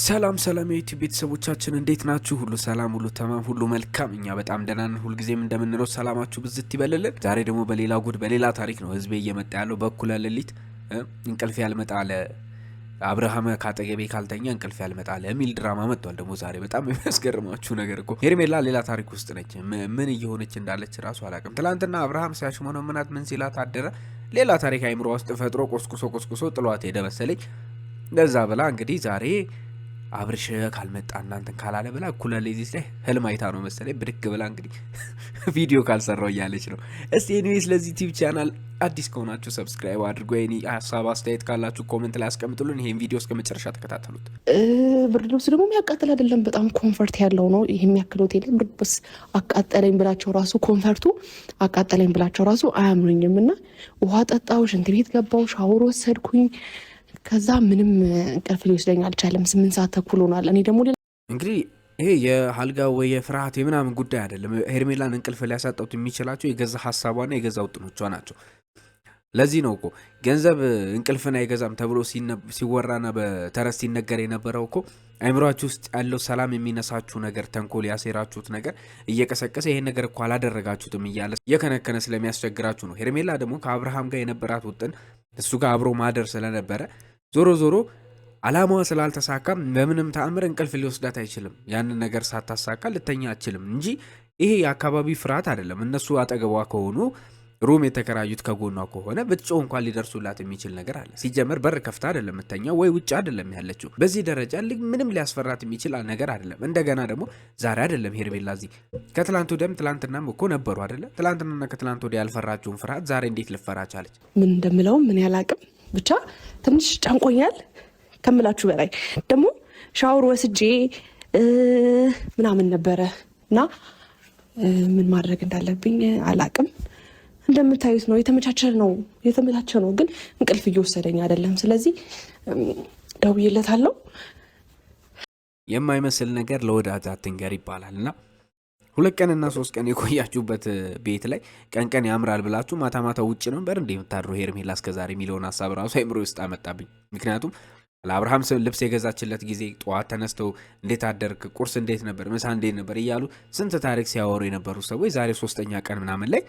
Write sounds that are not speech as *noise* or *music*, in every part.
ሰላም ሰላም የዩቲዩብ ቤተሰቦቻችን እንዴት ናችሁ? ሁሉ ሰላም፣ ሁሉ ተማም፣ ሁሉ መልካም። እኛ በጣም ደህና ነን። ሁልጊዜም እንደምንለው ሰላማችሁ ብዝት ይበልልን። ዛሬ ደግሞ በሌላ ጉድ በሌላ ታሪክ ነው ህዝቤ እየመጣ ያለው። በኩለ ሌሊት እንቅልፍ ያልመጣ አለ አብርሃም ካጠገቤ ካልተኛ እንቅልፍ ያልመጣ አለ የሚል ድራማ መጥቷል። ደግሞ ዛሬ በጣም የሚያስገርማችሁ ነገር እኮ ሄርሜላ ሌላ ታሪክ ውስጥ ነች። ምን እየሆነች እንዳለች ራሱ አላውቅም። ትናንትና አብርሃም ሲያሽሞነ ምናት ምን ሲላት አደረ። ሌላ ታሪክ አይምሮ ውስጥ ፈጥሮ ቆስቁሶ ቆስቁሶ ጥሏት ሄደ መሰለኝ። ለዛ ብላ እንግዲህ ዛሬ አብርሽ ካልመጣ እናንተን ካላለ ብላ እኩለ ሌሊት ላይ ህልም አይታ ነው መሰለኝ ብድግ ብላ እንግዲህ *laughs* ቪዲዮ ካልሰራው እያለች ነው። እስቲ ኒዌ ስለዚህ ቲቪ ቻናል አዲስ ከሆናችሁ ሰብስክራይብ አድርጎ ኒ ሀሳብ አስተያየት ካላችሁ ኮመንት ላይ ያስቀምጡልን። ይሄን ቪዲዮ እስከ መጨረሻ ተከታተሉት። ብርድ ልብስ ደግሞ የሚያቃጥል አይደለም፣ በጣም ኮንፈርት ያለው ነው። ይህ የሚያክለው ቴሌ ብርድ ልብስ አቃጠለኝ ብላቸው ራሱ ኮንፈርቱ አቃጠለኝ ብላቸው ራሱ አያምኑኝም እና ውሃ ጠጣው፣ ሽንት ቤት ገባው፣ ሻወር ወሰድኩኝ ከዛ ምንም እንቅልፍ ሊወስደኝ አልቻለም። ስምንት ሰዓት ተኩል ሆኗል። እኔ ደግሞ እንግዲህ ይሄ የአልጋ ወይ የፍርሃት የምናምን ጉዳይ አይደለም። ሄርሜላን እንቅልፍ ሊያሳጣት የሚችላቸው የገዛ ሀሳቧና የገዛ ውጥኖቿ ናቸው። ለዚህ ነው እኮ ገንዘብ እንቅልፍን አይገዛም ተብሎ ሲወራና በተረስ ሲነገር የነበረው እኮ አይምሯችሁ ውስጥ ያለው ሰላም የሚነሳችሁ ነገር፣ ተንኮል ያሴራችሁት ነገር እየቀሰቀሰ ይሄን ነገር እኮ አላደረጋችሁትም እያለ እየከነከነ ስለሚያስቸግራችሁ ነው። ሄርሜላ ደግሞ ከአብርሃም ጋር የነበራት ውጥን እሱ ጋር አብሮ ማደር ስለነበረ ዞሮ ዞሮ አላማዋ ስላልተሳካ በምንም ተአምር እንቅልፍ ሊወስዳት አይችልም። ያንን ነገር ሳታሳካ ልተኛ አትችልም እንጂ ይሄ የአካባቢ ፍርሃት አይደለም። እነሱ አጠገቧ ከሆኑ ሩም የተከራዩት ከጎኗ ከሆነ ብትጮህ እንኳን ሊደርሱላት የሚችል ነገር አለ። ሲጀመር በር ከፍታ አይደለም የምተኛው ወይ ውጭ አይደለም ያለችው። በዚህ ደረጃ ምንም ሊያስፈራት የሚችል ነገር አይደለም። እንደገና ደግሞ ዛሬ አይደለም ሄርሜላ እዚህ ከትላንቱ ደም ትላንትናም እኮ ነበሩ አይደለም። ትላንትናና ከትላንት ወዲያ ያልፈራችሁን ፍርሃት ዛሬ እንዴት ልፈራ ቻለች? ምን እንደምለው ምን ያላቅም ብቻ ትንሽ ጨንቆኛል ከምላችሁ በላይ ደግሞ ሻወር ወስጄ ምናምን ነበረ እና ምን ማድረግ እንዳለብኝ አላቅም። እንደምታዩት ነው። የተመቻቸ ነው የተመቻቸ ነው፣ ግን እንቅልፍ እየወሰደኝ አይደለም። ስለዚህ ደውዬለታለሁ። የማይመስል ነገር ለወዳጅ አትንገር ይባላል እና ሁለት ቀንና ሶስት ቀን የቆያችሁበት ቤት ላይ ቀን ቀን ያምራል ብላችሁ ማታ ማታ ውጭ ነበር እንደ የምታድረው ሄርሜላ እስከዛሬ የሚለውን ሀሳብ ራሱ አይምሮ ውስጥ አመጣብኝ። ምክንያቱም ለአብርሃም ልብስ የገዛችለት ጊዜ ጠዋት ተነስተው እንዴት አደርክ፣ ቁርስ እንዴት ነበር፣ ምሳ እንዴት ነበር እያሉ ስንት ታሪክ ሲያወሩ የነበሩ ሰዎች ዛሬ ሶስተኛ ቀን ምናምን ላይ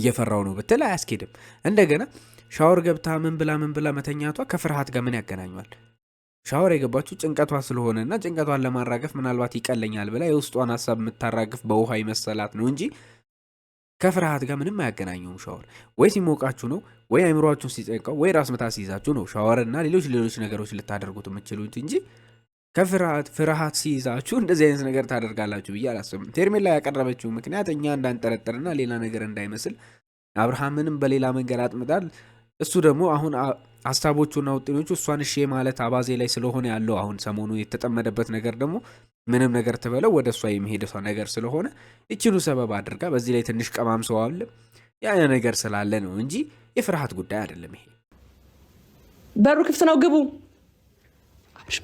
እየፈራው ነው ብትል አያስኬድም። እንደገና ሻወር ገብታ ምን ብላ ምን ብላ መተኛቷ ከፍርሃት ጋር ምን ያገናኘዋል? ሻወር የገባችው ጭንቀቷ ስለሆነ እና ጭንቀቷን ለማራገፍ ምናልባት ይቀለኛል ብላ የውስጧን ሀሳብ የምታራግፍ በውሃ መሰላት ነው እንጂ ከፍርሃት ጋር ምንም አያገናኘውም። ሻወር ወይ ሲሞቃችሁ ነው ወይ አይምሯችሁን ሲጨንቀው ወይ ራስ ምታት ሲይዛችሁ ነው ሻወር እና ሌሎች ሌሎች ነገሮች ልታደርጉት የምችሉት እንጂ ከፍርሃት ፍርሃት ሲይዛችሁ እንደዚህ አይነት ነገር ታደርጋላችሁ ብዬ አላስብም። ላይ ያቀረበችው ምክንያት እኛ እንዳንጠረጠርና ሌላ ነገር እንዳይመስል አብርሃምንም በሌላ መንገድ አጥምጣል። እሱ ደግሞ አሁን ሀሳቦቹና ውጤቶቹ እሷን እሺ ማለት አባዜ ላይ ስለሆነ ያለው አሁን ሰሞኑ የተጠመደበት ነገር ደግሞ ምንም ነገር ትበለው ወደ እሷ የሚሄደሷ ነገር ስለሆነ ይችሉ ሰበብ አድርጋ በዚህ ላይ ትንሽ ቀማም ሰው ያ ነገር ስላለ ነው እንጂ የፍርሃት ጉዳይ አይደለም። ይሄ በሩ ክፍት ነው፣ ግቡ። አብሽ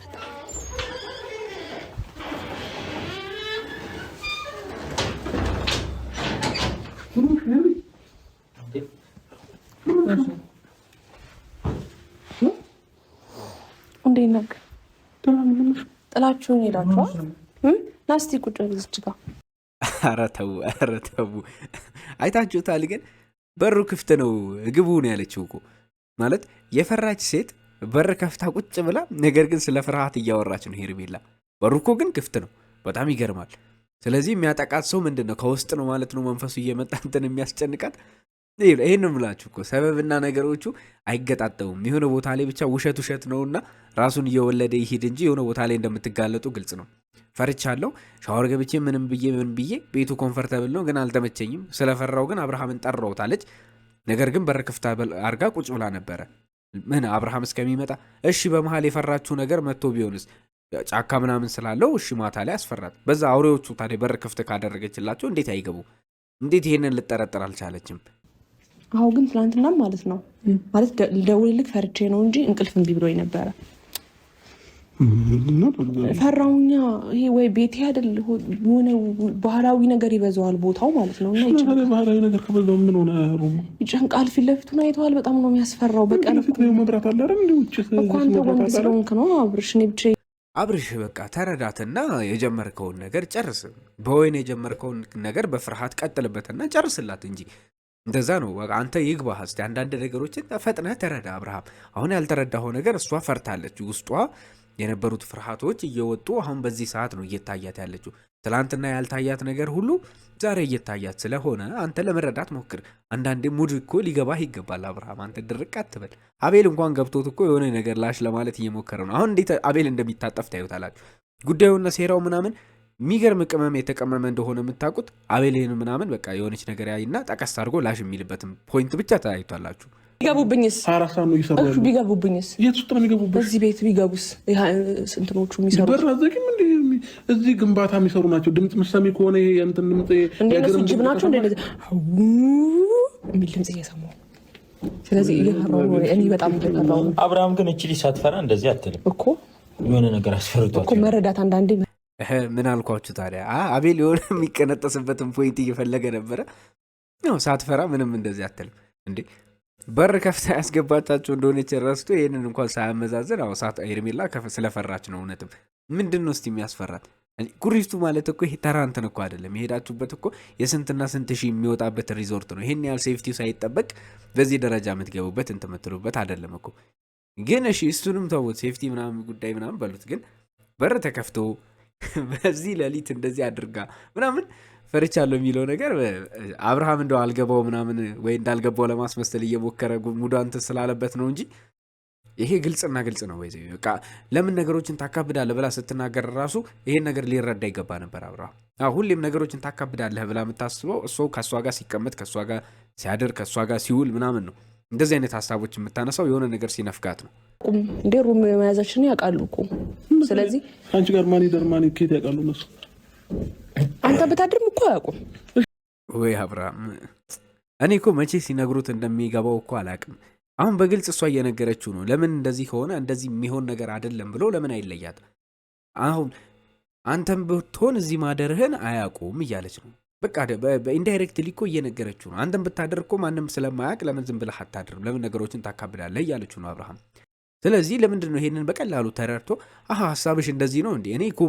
እንዴት ነበር? ጥላችሁን ሄዳችኋል? ናስቲ ቁጭ ብዝች ጋር ኧረ ተው፣ ኧረ ተው። አይታችሁታል ግን በሩ ክፍት ነው ግቡ ነው ያለችው እኮ ማለት የፈራች ሴት በር ከፍታ ቁጭ ብላ፣ ነገር ግን ስለ ፍርሃት እያወራች ነው ሄርሜላ። በሩ እኮ ግን ክፍት ነው። በጣም ይገርማል። ስለዚህ የሚያጠቃት ሰው ምንድን ነው? ከውስጥ ነው ማለት ነው መንፈሱ እየመጣ እንትን የሚያስጨንቃት ይህን ምላችሁ እኮ ሰበብና ነገሮቹ አይገጣጠሙም። የሆነ ቦታ ላይ ብቻ ውሸት ውሸት ነውና ራሱን እየወለደ ይሄድ እንጂ የሆነ ቦታ ላይ እንደምትጋለጡ ግልጽ ነው። ፈርቻለሁ፣ ሻወር ገብቼ ምንም ብዬ ምን ብዬ ቤቱ ኮንፈርተብል ነው፣ ግን አልተመቸኝም። ስለፈራው ግን አብርሃምን ጠራውታለች ነገር ግን በር ክፍት አርጋ ቁጭ ብላ ነበረ። ምን አብርሃም እስከሚመጣ እሺ፣ በመሀል የፈራችሁ ነገር መጥቶ ቢሆንስ ጫካ ምናምን ስላለው እሺ፣ ማታ ላይ አስፈራት። በዛ አውሬዎቹ ታዲያ በር ክፍት ካደረገችላቸው እንዴት አይገቡ? እንዴት ይሄንን ልጠረጥር አልቻለችም? አሁ ግን ትናንትናም ማለት ነው ማለት ደውልልክ ፈርቼ ነው እንጂ እንቅልፍ እምቢ ብሎኝ ነበረ። ፈራውኛ ይሄ ወይ ቤቴ አይደል የሆነ ባህላዊ ነገር ይበዛዋል ቦታው ማለት ነው። እና ባህላዊ ነገር ከበዛው ምን ሆነ ይጨንቃል። ፊት ለፊቱን አይተዋል። በጣም ነው የሚያስፈራው። በቀን መብራት አለ እኮ አንተ ወንድ ስለሆንክ ነው አብርሽ። እኔ ብቻ አብርሽ በቃ ተረዳትና የጀመርከውን ነገር ጨርስ። በወይን የጀመርከውን ነገር በፍርሃት ቀጥልበትና ጨርስላት እንጂ እንደዛ ነው። አንተ ይግባህ። እስኪ አንዳንድ ነገሮችን ፈጥነህ ተረዳ። አብርሃም አሁን ያልተረዳኸው ነገር እሷ ፈርታለች። ውስጧ የነበሩት ፍርሃቶች እየወጡ አሁን በዚህ ሰዓት ነው እየታያት ያለችው። ትላንትና ያልታያት ነገር ሁሉ ዛሬ እየታያት ስለሆነ አንተ ለመረዳት ሞክር። አንዳንዴ ሙድ እኮ ሊገባህ ይገባል አብርሃም። አንተ ድርቅ አትበል። አቤል እንኳን ገብቶት እኮ የሆነ ነገር ላሽ ለማለት እየሞከረ ነው። አሁን እንዴት አቤል እንደሚታጠፍ ታዩታላችሁ። ጉዳዩና ሴራው ምናምን የሚገርም ቅመም የተቀመመ እንደሆነ የምታውቁት አቤሌን ምናምን በቃ የሆነች ነገር ያይና ጠቀስ አድርጎ ላሽ የሚልበትም ፖይንት ብቻ ተያይቷላችሁ። ቢገቡብኝስ ቢገቡብኝስ በዚህ ቤት ቢገቡስ ስንትኖቹ እዚህ ግንባታ የሚሰሩ ናቸው። ድምፅ ምሰሚ ከሆነ እንትን ድምፅ እንደነሱ ጅብ ናቸው የሚል ድምፅ እየሰማሁ ስለዚህ እኔ በጣም አብርሃም ግን እችል ሳትፈራ እንደዚህ አትልም እኮ የሆነ ነገር አስፈርቷቸው እኮ መረዳት አንዳንዴ *laughs* ምን አልኳችሁ ታዲያ? አቤል የሆነ *laughs* የሚቀነጠስበትን ፖይንት እየፈለገ ነበረ። ያው ሳትፈራ ምንም እንደዚህ አትልም እንዴ? በር ከፍታ ያስገባቻቸው እንደሆነች ረስቶ ይህንን እንኳን ሳያመዛዝን አዎ፣ ሳት ኤርሜላ ስለፈራች ነው። እውነትም ምንድን ነው ስ የሚያስፈራት? ኩሪፍቱ ማለት እኮ ተራንትን ተራ እኮ አይደለም። የሄዳችሁበት እኮ የስንትና ስንት ሺህ የሚወጣበት ሪዞርት ነው። ይሄን ያህል ሴፍቲው ሳይጠበቅ በዚህ ደረጃ የምትገቡበት እንትምትሉበት አይደለም እኮ። ግን እሺ እሱንም ተውት፣ ሴፍቲ ምናምን ጉዳይ ምናምን በሉት። ግን በር ተከፍቶ በዚህ ሌሊት እንደዚህ አድርጋ ምናምን ፈርቻለሁ የሚለው ነገር አብርሃም እንደው አልገባው ምናምን ወይ እንዳልገባው ለማስመሰል እየሞከረ ሙዳ ስላለበት ነው እንጂ ይሄ ግልጽና ግልጽ ነው። ወይ በቃ ለምን ነገሮችን ታካብዳለህ ብላ ስትናገር ራሱ ይሄን ነገር ሊረዳ ይገባ ነበር አብርሃም። ሁሌም ነገሮችን ታካብዳለህ ብላ የምታስበው እሷ ከእሷ ጋር ሲቀመጥ ከእሷ ጋር ሲያድር ከእሷ ጋር ሲውል ምናምን ነው። እንደዚህ አይነት ሀሳቦች የምታነሳው የሆነ ነገር ሲነፍጋት ነው። እንዴ ሩም መያዛችን ያውቃሉ እኮ። ስለዚህ አንቺ ጋር ማን ይደር ማን ኬት ያውቃሉ እነሱ። አንተ ብታድርም እኮ አያውቁም። ወይ አብርሃም፣ እኔ እኮ መቼ ሲነግሩት እንደሚገባው እኮ አላውቅም። አሁን በግልጽ እሷ እየነገረችው ነው። ለምን እንደዚህ ከሆነ እንደዚህ የሚሆን ነገር አይደለም ብሎ ለምን አይለያት? አሁን አንተም ብትሆን እዚህ ማደርህን አያውቁም እያለች ነው በቃ በኢንዳይሬክት ሊኮ እየነገረችው ነው። አንተም ብታደርግ እኮ ማንም ስለማያውቅ ለምን ዝም ብለህ አታድርም? ለምን ነገሮችን ታካብዳለህ? እያለችው ነው አብርሃም። ስለዚህ ለምንድን ነው ይሄንን በቀላሉ ተረድቶ አሀ ሀሳብሽ እንደዚህ ነው እንዴ? እኔ እኮ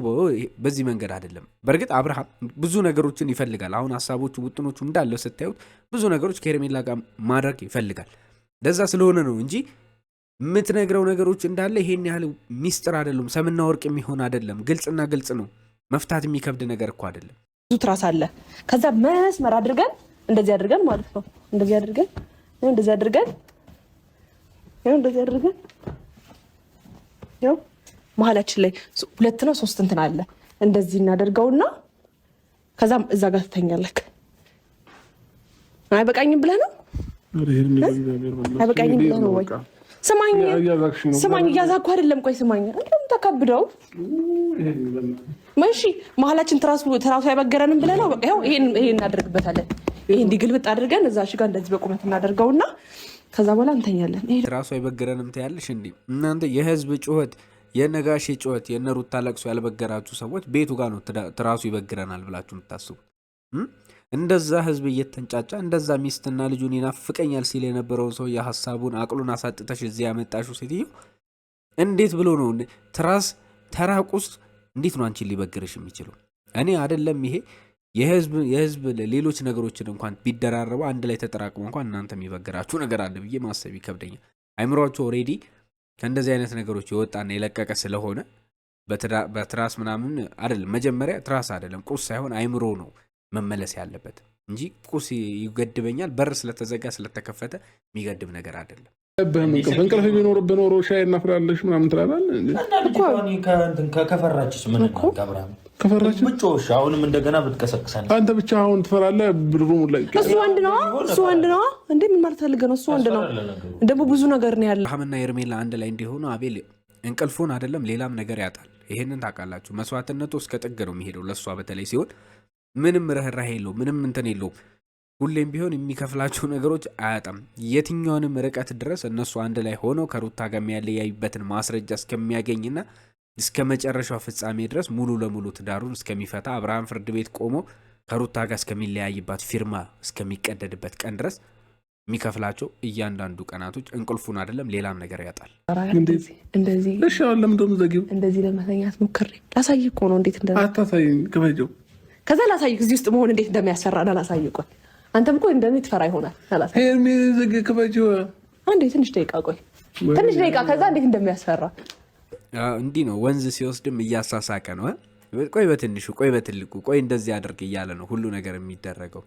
በዚህ መንገድ አይደለም። በእርግጥ አብርሃም ብዙ ነገሮችን ይፈልጋል። አሁን ሀሳቦቹ ውጥኖቹ እንዳለው ስታዩት ብዙ ነገሮች ከሄርሜላ ጋር ማድረግ ይፈልጋል። ለዛ ስለሆነ ነው እንጂ የምትነግረው ነገሮች እንዳለ ይሄን ያህል ሚስጥር አይደሉም። ሰምና ወርቅ የሚሆን አይደለም። ግልጽና ግልጽ ነው። መፍታት የሚከብድ ነገር እኮ አይደለም። ብዙ ትራስ አለ። ከዛ መስመር አድርገን እንደዚህ አድርገን ማለት ነው። እንደዚህ አድርገን እንደዚህ አድርገን እንደዚህ አድርገን ያው መሀላችን ላይ ሁለት ነው ሶስት እንትን አለ። እንደዚህ እናደርገውና ከዛም እዛ ጋር ትተኛለህ። አይበቃኝም ብለህ ነው አይበቃኝም ብለህ ነው ወይ? ስማኝ ስማኝ፣ እያዛኩ አይደለም። ቆይ ስማኝ እንደምታካብደው መንሺ መሀላችን ትራሱ አይበገረንም ብለህ ነው። ይኸው ይሄን እናደርግበታለን። ይሄ እንዲግልብጥ አድርገን እዛ ሽጋ እንደዚህ በቁመት እናደርገውና ከዛ በኋላ እንተኛለን። ይሄ ትራሱ አይበገረንም ትያለሽ እንዲ እናንተ የህዝብ ጩኸት፣ የነጋሽ ጩኸት፣ የነሩታ ለቅሶ ያልበገራችሁ ሰዎች ቤቱ ጋር ነው ትራሱ ይበግረናል ብላችሁ የምታስቡት። እንደዛ ህዝብ እየተንጫጫ እንደዛ ሚስትና ልጁን ይናፍቀኛል ሲል የነበረው ሰው የሀሳቡን አቅሉን አሳጥተሽ እዚህ ያመጣሽው ሴትዮ እንዴት ብሎ ነው ትራስ ተራቁስ እንዴት ነው አንቺን ሊበግርሽ የሚችለው? እኔ አይደለም ይሄ የህዝብ ሌሎች ነገሮችን እንኳን ቢደራረቡ አንድ ላይ ተጠራቅሞ እንኳን እናንተ የሚበግራችሁ ነገር አለ ብዬ ማሰብ ይከብደኛል። አይምሯችሁ ኦሬዲ ከእንደዚህ አይነት ነገሮች የወጣና የለቀቀ ስለሆነ በትራስ ምናምን አይደለም። መጀመሪያ ትራስ አይደለም ቁስ ሳይሆን አይምሮ ነው መመለስ ያለበት እንጂ ቁስ ይገድበኛል፣ በር ስለተዘጋ ስለተከፈተ የሚገድብ ነገር አይደለም። ለብህም እንቅልፍ እንቅልፍ ቢኖርብህ ኖሮ ሻይ እናፍላለሽ ምናምን ትላላለህ። አሁንም እንደገና ብትቀሰቅሰን አንተ ብቻ አሁን ትፈራለህ። ብሩ እሱ ወንድ ነዋ፣ እሱ ወንድ ነዋ። እንዴ ምን ማለት ፈልገህ ነው? እሱ ወንድ ነው ደግሞ ብዙ ነገር ነው ያለ። ሀምና ኤርሜላ አንድ ላይ እንዲሆኑ አቤል እንቅልፉን አይደለም ሌላም ነገር ያጣል። ይሄንን ታውቃላችሁ። መስዋዕትነቱ እስከ ጥግ ነው የሚሄደው ለእሷ በተለይ ሲሆን ምንም ርህራሄ የለውም፣ ምንም እንትን የለውም። ሁሌም ቢሆን የሚከፍላቸው ነገሮች አያጣም። የትኛውንም ርቀት ድረስ እነሱ አንድ ላይ ሆነው ከሩታ ጋር የሚያለያዩበትን ማስረጃ እስከሚያገኝና እስከ መጨረሻው ፍጻሜ ድረስ ሙሉ ለሙሉ ትዳሩን እስከሚፈታ አብርሃም ፍርድ ቤት ቆሞ ከሩታ ጋር እስከሚለያይባት ፊርማ እስከሚቀደድበት ቀን ድረስ የሚከፍላቸው እያንዳንዱ ቀናቶች እንቅልፉን አይደለም ሌላም ነገር ያጣል። እንደዚህ ለመተኛት ሞክሬ ላሳይ እኮ ነው። እንዴት አታሳይኝ? ከዛ ላሳይ እዚህ ውስጥ መሆን እንዴት እንደሚያስፈራ ላሳይህ አንተም እኮ እንደኔ ትፈራ ይሆናል። አንዴ ትንሽ ደቂቃ ቆይ፣ ትንሽ ደቂቃ ከዛ እንዴት እንደሚያስፈራ እንዲህ ነው። ወንዝ ሲወስድም እያሳሳቀ ነው። ቆይ በትንሹ ቆይ በትልቁ ቆይ እንደዚህ አድርግ እያለ ነው ሁሉ ነገር የሚደረገው።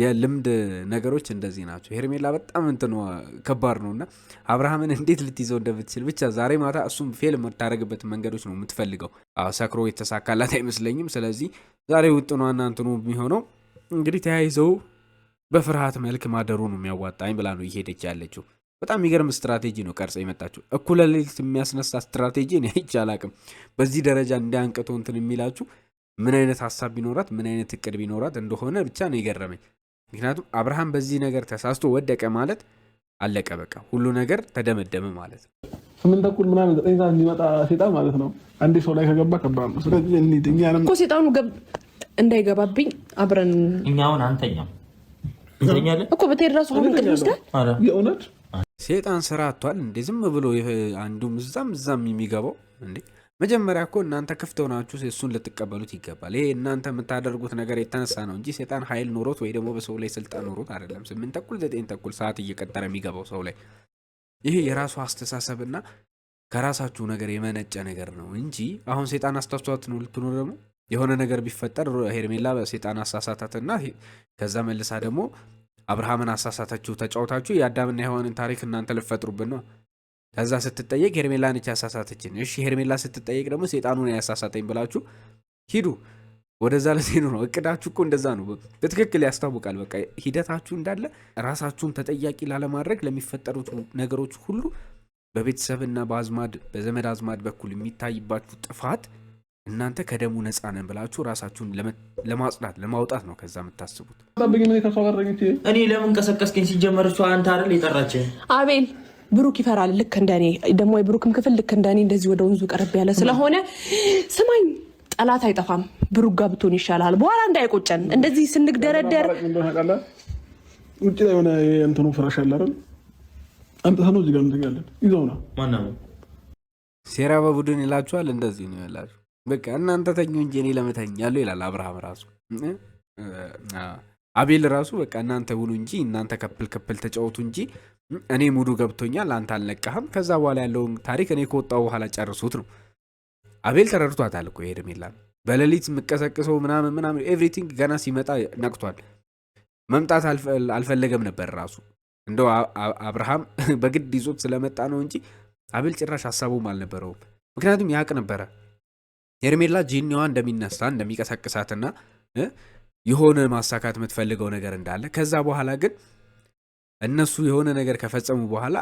የልምድ ነገሮች እንደዚህ ናቸው። ሄርሜላ በጣም እንትን ከባድ ነው እና አብርሃምን እንዴት ልትይዘው እንደምትችል ብቻ ዛሬ ማታ እሱም ፌል የምታደርግበት መንገዶች ነው የምትፈልገው። ሰክሮ የተሳካላት አይመስለኝም። ስለዚህ ዛሬ ውጥኗና እንትኑ የሚሆነው እንግዲህ ተያይዘው በፍርሃት መልክ ማደሩ ነው የሚያዋጣኝ ብላ ነው እየሄደች ያለችው። በጣም የሚገርም ስትራቴጂ ነው ቀርጸ የመጣችሁ። እኩለ ሌሊት የሚያስነሳ ስትራቴጂ እኔ አይቼ አላቅም። በዚህ ደረጃ እንዲያንቅቶ እንትን የሚላችሁ ምን አይነት ሀሳብ ቢኖራት ምን አይነት እቅድ ቢኖራት እንደሆነ ብቻ ነው የገረመኝ። ምክንያቱም አብርሃም በዚህ ነገር ተሳስቶ ወደቀ ማለት አለቀ፣ በቃ ሁሉ ነገር ተደመደመ ማለት ነው። ስምንት ተኩል ምናምን ዘጠኝ ሰዓት የሚመጣ ሴጣን ማለት ነው። አንዴ ሰው ላይ ከገባ ከባድ ነው። ስለዚህ እኛንም ሴጣኑ እንዳይገባብኝ አብረን እኛውን አንተኛው እኮ ራሱ ሴጣን ስራ አቷል እንዴ? ዝም ብሎ አንዱም እዛም እዛም የሚገባው እንዴ? መጀመሪያ እኮ እናንተ ክፍት ሆናችሁ እሱን ልትቀበሉት ይገባል። ይሄ እናንተ የምታደርጉት ነገር የተነሳ ነው እንጂ ሴጣን ኃይል ኖሮት ወይ ደግሞ በሰው ላይ ስልጣን ኖሮት አይደለም። ስምንት ተኩል ዘጠኝ ተኩል ሰዓት እየቀጠረ የሚገባው ሰው ላይ ይሄ የራሱ አስተሳሰብና ከራሳችሁ ነገር የመነጨ ነገር ነው እንጂ አሁን ሴጣን አስታስተዋት ነው ልትኖር ደግሞ የሆነ ነገር ቢፈጠር ሄርሜላ ሴጣን አሳሳታትና ከዛ መልሳ ደግሞ አብርሃምን አሳሳታችሁ ተጫውታችሁ የአዳምና የሔዋንን ታሪክ እናንተ ልፈጥሩብን ነው። ከዛ ስትጠየቅ ሄርሜላ ነች ያሳሳተችን። እሺ ሄርሜላ ስትጠየቅ ደግሞ ሴጣኑ ነው ያሳሳተኝ ብላችሁ ሂዱ። ወደዛ ለሴኑ ነው እቅዳችሁ እኮ እንደዛ ነው። በትክክል ያስታውቃል። በቃ ሂደታችሁ እንዳለ ራሳችሁን ተጠያቂ ላለማድረግ ለሚፈጠሩት ነገሮች ሁሉ በቤተሰብና በአዝማድ በዘመድ አዝማድ በኩል የሚታይባችሁ ጥፋት እናንተ ከደሙ ነፃ ነን ብላችሁ ራሳችሁን ለማጽዳት ለማውጣት ነው ከዛ የምታስቡት። እኔ ለምን ቀሰቀስከኝ? ሲጀመር እሷ አንተ አይደል የጠራች። አቤል ብሩክ ይፈራል። ልክ እንደኔ ደግሞ የብሩክም ክፍል ልክ እንደኔ እንደዚህ ወደ ወንዙ ቀረብ ያለ ስለሆነ ስማኝ፣ ጠላት አይጠፋም። ብሩክ ጋር ብትሆን ይሻላል። በኋላ እንዳይቆጨን እንደዚህ ስንግደረደር ውጭ ላይ የሆነ እንትኑ ፍራሽ አለ አይደል? አምጥተህ ነው እዚህ ጋር እንተኛለን። ሴራ በቡድን ይላችኋል። እንደዚህ ነው ያላችሁ በቃ እናንተ ተኙ እንጂ እኔ ለመተኛለሁ ይላል አብርሃም ራሱ አቤል ራሱ በቃ እናንተ ውሉ እንጂ እናንተ ከፕል ከፕል ተጫወቱ እንጂ እኔ ሙዱ ገብቶኛል፣ አንተ አልነቃህም። ከዛ በኋላ ያለውን ታሪክ እኔ ከወጣው በኋላ ጨርሱት ነው። አቤል ተረድቷታል እኮ ሄርሜላ በሌሊት የምቀሰቅሰው ምናምን ምናምን ኤቭሪቲንግ ገና ሲመጣ ነቅቷል። መምጣት አልፈለገም ነበር ራሱ እንደው አብርሃም በግድ ይዞት ስለመጣ ነው እንጂ አቤል ጭራሽ ሀሳቡም አልነበረውም። ምክንያቱም ያቅ ነበረ ሄርሜላ ጂኒዋ እንደሚነሳ እንደሚቀሳቅሳትና የሆነ ማሳካት የምትፈልገው ነገር እንዳለ ከዛ በኋላ ግን እነሱ የሆነ ነገር ከፈጸሙ በኋላ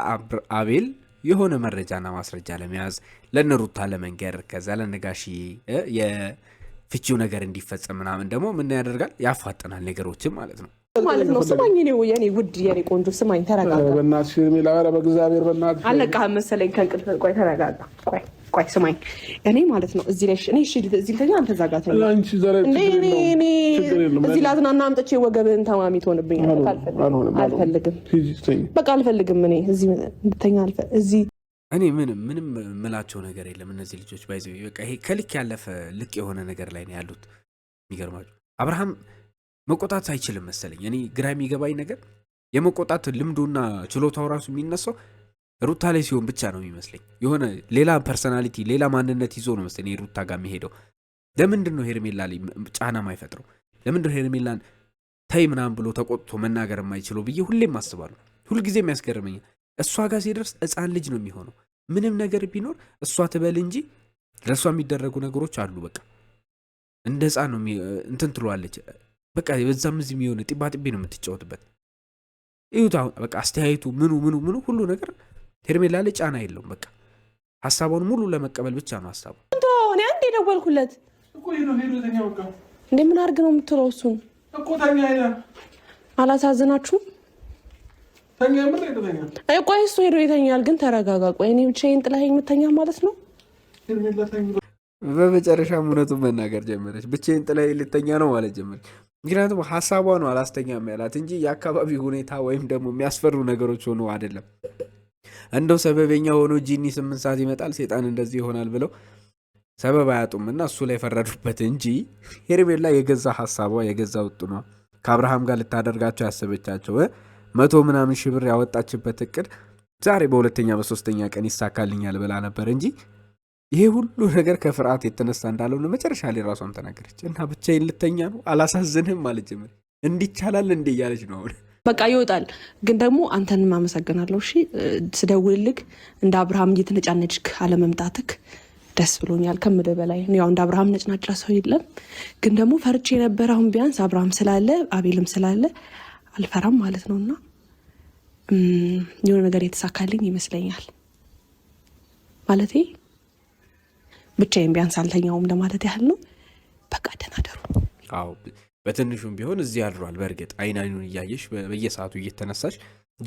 አቤል የሆነ መረጃና ማስረጃ ለመያዝ ለነሩታ ለመንገር ከዛ ለነጋሺ የፍቺው ነገር እንዲፈጸም ምናምን ደግሞ ምን ያደርጋል ያፋጥናል ነገሮችም ማለት ነው ማለት ነው። ስማኝ የኔ ውድ የኔ ቆንጆ ስማኝ፣ ተረጋጋ በእናትሽ ሚላ በእግዚአብሔር በእናትሽ አልነቃህም መሰለኝ ከእንቅልፍ። ቆይ ተረጋጋ፣ ቆይ ቆይ ስማኝ፣ እኔ ማለት ነው እዚህ ላይ እኔ እሺ፣ እዚህ ልተኛ አንተ እዛ ጋር ተኛ። እዚህ ላዝናና አምጥቼ ወገብህን ተማሚ ትሆንብኝ አልፈልግም። በቃ አልፈልግም። እኔ እዚህ እንድተኛ እዚህ እኔ ምንም ምንም ምላቸው ነገር የለም። እነዚህ ልጆች ባይዘ በቃ ይሄ ከልክ ያለፈ ልቅ የሆነ ነገር ላይ ነው ያሉት። የሚገርማቸው አብርሃም መቆጣት አይችልም መሰለኝ። እኔ ግራ የሚገባኝ ነገር የመቆጣት ልምዱና ችሎታው ራሱ የሚነሳው ሩታ ላይ ሲሆን ብቻ ነው የሚመስለኝ። የሆነ ሌላ ፐርሰናሊቲ፣ ሌላ ማንነት ይዞ ነው መሰለኝ ሩታ ጋር የሚሄደው። ለምንድን ነው ሄርሜላ ላይ ጫና ማይፈጥረው ለምንድን ነው ሄርሜላን ተይ ምናምን ብሎ ተቆጥቶ መናገር የማይችለው ብዬ ሁሌም አስባለሁ። ሁልጊዜ የሚያስገርመኛል እሷ ጋር ሲደርስ ሕፃን ልጅ ነው የሚሆነው። ምንም ነገር ቢኖር እሷ ትበል እንጂ ለእሷ የሚደረጉ ነገሮች አሉ። በቃ እንደ ሕፃን ነው እንትን ትሏለች። በቃ በዛም እዚህም የሚሆነ ጢባጢቤ ነው የምትጫወትበት። ይሁት አሁን በቃ አስተያየቱ ምኑ ምኑ ምኑ ሁሉ ነገር ሄርሜላ ላይ ጫና የለውም። በቃ ሀሳቡን ሙሉ ለመቀበል ብቻ ነው ሀሳቡ። እኔ አንድ የደወልኩለት እንደምን አድርግ ነው የምትለው? እሱን አላሳዝናችሁም? ቆይ እሱ ሄዶ ይተኛል። ግን ተረጋጋ። ቆይ እኔ ብቻዬን ጥላኸኝ የምተኛ ማለት ነው? በመጨረሻም እውነቱን መናገር ጀመረች። ብቻዬን ጥላ ልተኛ ነው ማለት ጀመረች። ምክንያቱም ሀሳቧ ነው አላስተኛም ያላት እንጂ የአካባቢ ሁኔታ ወይም ደግሞ የሚያስፈሩ ነገሮች ሆኖ አይደለም። እንደው ሰበበኛ ሆኖ ጂኒ ስምንት ሰዓት ይመጣል ሴጣን እንደዚህ ይሆናል ብለው ሰበብ አያጡም እና እሱ ላይ ፈረዱበት እንጂ ሄርሜላ የገዛ ሀሳቧ የገዛ ውጥኗ ከአብርሃም ጋር ልታደርጋቸው ያሰበቻቸው መቶ ምናምን ሺህ ብር ያወጣችበት እቅድ ዛሬ በሁለተኛ በሶስተኛ ቀን ይሳካልኛል ብላ ነበር እንጂ ይሄ ሁሉ ነገር ከፍርሃት የተነሳ እንዳልሆነ መጨረሻ ላይ ራሷም ተናገረች እና ብቻዬን ልተኛ ነው አላሳዝንህም አለች። እንዲቻላል እንዴ እያለች ነው አሁን በቃ ይወጣል። ግን ደግሞ አንተንም አመሰግናለሁ። እሺ ስደውልልክ እንደ አብርሃም እየተነጫነጭክ አለመምጣትክ ደስ ብሎኛል ከምልህ በላይ ያው እንደ አብርሃም ነጭናጫ ሰው የለም። ግን ደግሞ ፈርቼ የነበረ አሁን ቢያንስ አብርሃም ስላለ አቤልም ስላለ አልፈራም ማለት ነው። እና የሆነ ነገር የተሳካልኝ ይመስለኛል ማለት ብቻዬን ቢያንስ አልተኛውም ለማለት ያህል ነው። በቃ ደህና ደሩ። በትንሹም ቢሆን እዚህ ያድሯል። በእርግጥ አይን አይኑን እያየሽ በየሰዓቱ እየተነሳሽ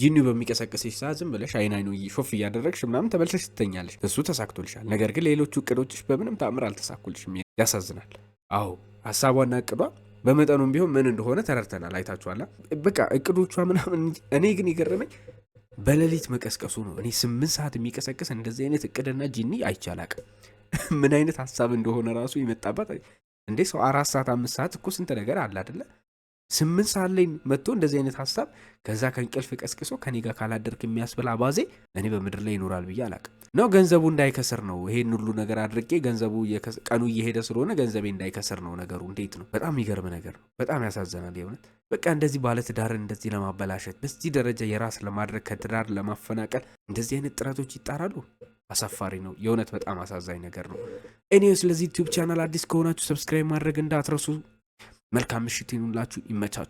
ጂኒው በሚቀሰቅስሽ ሰዓት ዝም ብለሽ አይን አይኑ ሾፍ እያደረግሽ ምናምን ተመልሰሽ ትተኛለሽ። እሱ ተሳክቶልሻል። ነገር ግን ሌሎቹ እቅዶችሽ በምንም ታምር አልተሳኩልሽም። ያሳዝናል። አዎ ሀሳቧና እቅዷ በመጠኑም ቢሆን ምን እንደሆነ ተረድተናል። አይታችኋላ። በቃ እቅዶቿ ምናምን። እኔ ግን የገረመኝ በሌሊት መቀስቀሱ ነው። እኔ ስምንት ሰዓት የሚቀሰቅስ እንደዚህ አይነት እቅድና ጂኒ አይቻላቅም። *laughs* ምን አይነት ሀሳብ እንደሆነ ራሱ የመጣባት እንዴ ሰው አራት ሰዓት አምስት ሰዓት እኮ ስንት ነገር አለ አደለ? ስምንት ሰዓት ላይ መጥቶ እንደዚህ አይነት ሀሳብ ከዛ ከእንቅልፍ ቀስቅሶ ከኔ ጋር ካላደርክ የሚያስብል አባዜ እኔ በምድር ላይ ይኖራል ብዬ አላቅም። ነው ገንዘቡ እንዳይከስር ነው ይሄን ሁሉ ነገር አድርጌ ገንዘቡ ቀኑ እየሄደ ስለሆነ ገንዘቤ እንዳይከስር ነው ነገሩ። እንዴት ነው! በጣም የሚገርም ነገር ነው። በጣም ያሳዘናል። የእውነት በቃ እንደዚህ ባለትዳርን እንደዚህ ለማበላሸት በዚህ ደረጃ የራስ ለማድረግ ከትዳር ለማፈናቀል እንደዚህ አይነት ጥረቶች ይጣራሉ። አሳፋሪ ነው። የእውነት በጣም አሳዛኝ ነገር ነው። እኔ ስለዚህ ዩቲዩብ ቻናል አዲስ ከሆናችሁ ሰብስክራይብ ማድረግ እንዳትረሱ። መልካም ምሽት ይኑላችሁ። ይመቻችሁ።